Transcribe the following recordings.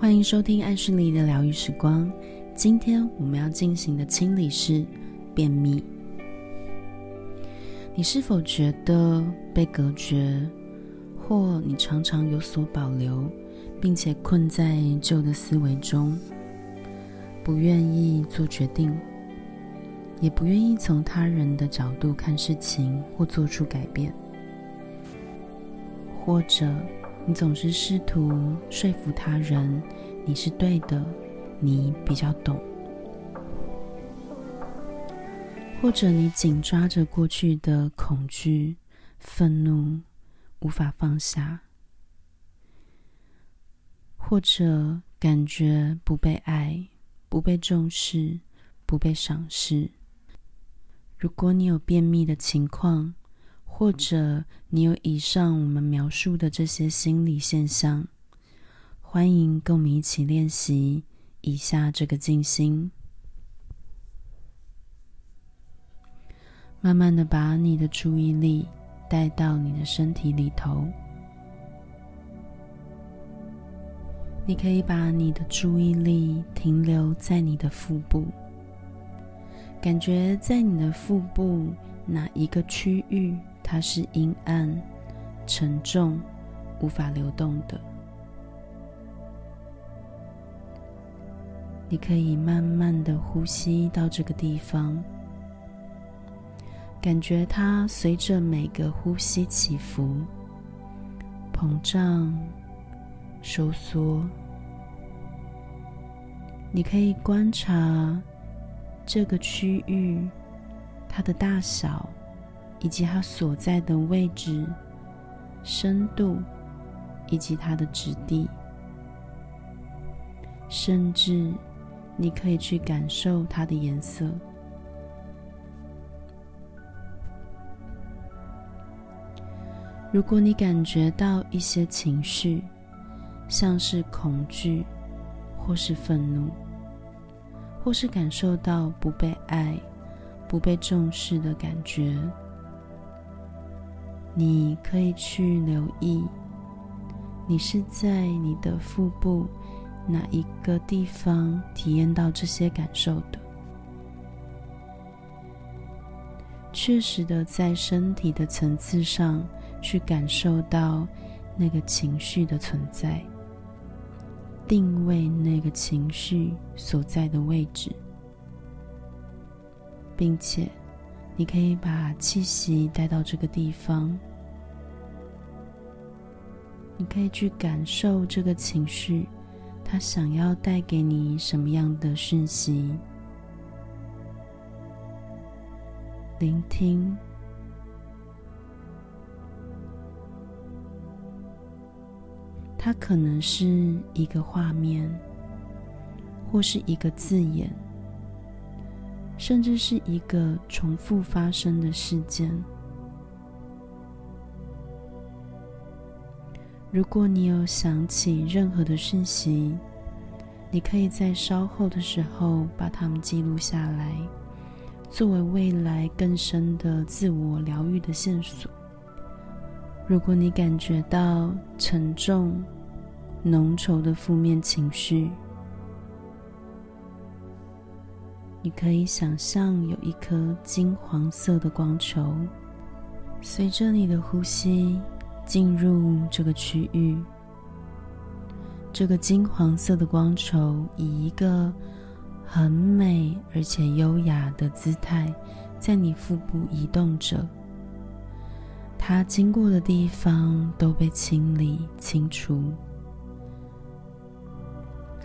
歡迎收聽愛旭黎的療癒時光。今天我們要進行的清理是便秘。你是否覺得被隔絕，或你常常有所保留，並且困在舊的思維中，不願意做決定，也不願意從他人的角度看事情或做出改變，或者，你總是試圖說服他人你是對的，你比較懂，或者你緊抓着過去的恐懼、憤怒，無法放下，或者感覺不被愛、不被重視、不被賞識。如果你有便秘的情況，或者你有以上我們描述的這些心理現象，歡迎跟我們一起練習以下這個靜心。慢慢的把你的注意力帶到你的身體裡頭，你可以把你的注意力停留在你的腹部，感覺在你的腹部哪一個區域。它是陰暗、沉重、無法流動的。你可以慢慢的呼吸到這個地方，感覺它隨着每個呼吸起伏、膨脹、收縮。你可以觀察這個區域，它的大小。以及它所在的位置、深度，以及它的質地，甚至你可以去感受它的顏色。如果你感覺到一些情緒，像是恐懼，或是憤怒，或是感受到不被愛、不被重視的感覺。你可以去留意，你是在你的腹部哪一個地方體驗到這些感受的？確實的，在身體的層次上去感受到那個情緒的存在，定位那個情緒所在的位置，並且，你可以把氣息帶到這個地方，你可以去感受這個情緒，它想要帶給你什麼樣的訊息？聆聽，它可能是一個畫面，或是一個字眼。甚至是一個重複發生的事件。如果你有想起任何的訊息，你可以在稍後的時候把它們記錄下來，作為未來更深的自我療癒的線索。如果你感覺到沉重、濃稠的負面情緒，你可以想象有一顆金黃色的光球，隨着你的呼吸進入這個區域。這個金黃色的光球以一個很美而且優雅的姿態在你腹部移動着，它經過的地方都被清理清除。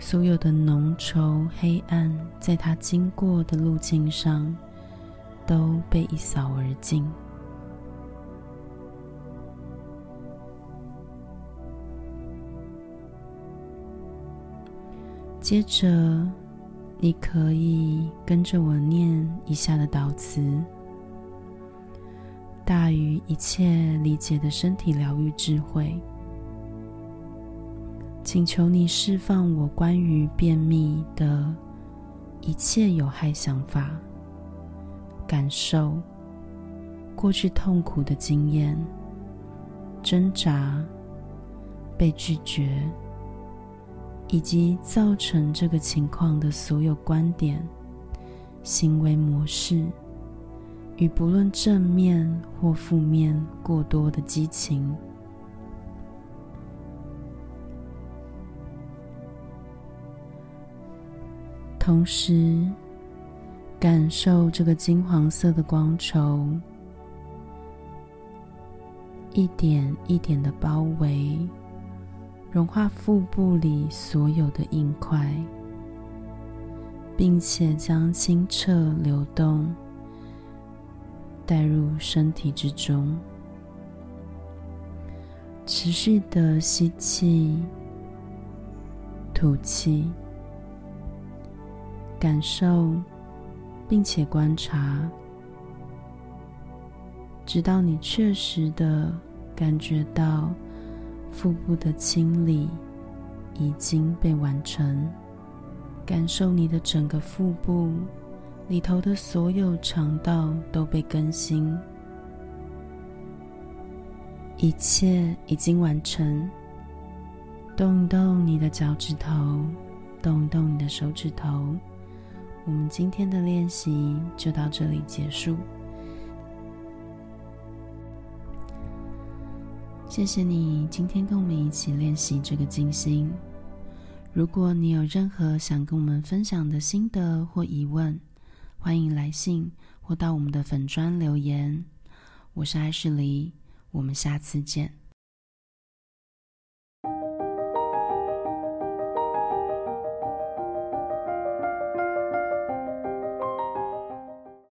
所有的濃稠黑暗，在他經過的路徑上，都被一掃而盡。接着，你可以跟着我念以下的導詞：大於一切理解的身體療癒智慧。請求你釋放我關於便秘的一切有害想法、感受、過去痛苦的經驗、掙扎、被拒絕，以及造成這個情況的所有觀點、行為模式與不論正面或負面過多的激情。同時，感受這個金黃色的光球，一點一點的包圍，融化腹部裡所有的硬塊，並且將清澈流動帶入身體之中。持續的吸氣、吐氣。感受，並且觀察，直到你確實的感覺到腹部的清理已經被完成。感受你的整個腹部裡頭的所有腸道都被更新，一切已經完成。動一動你的腳趾頭，動一動你的手指頭。我們今天的練習就到這裡結束。謝謝你今天跟我們一起練習這個靜心。如果你有任何想跟我們分享的心得或疑問，歡迎來信或到我們的粉專留言。我是愛旭黎，我們下次見。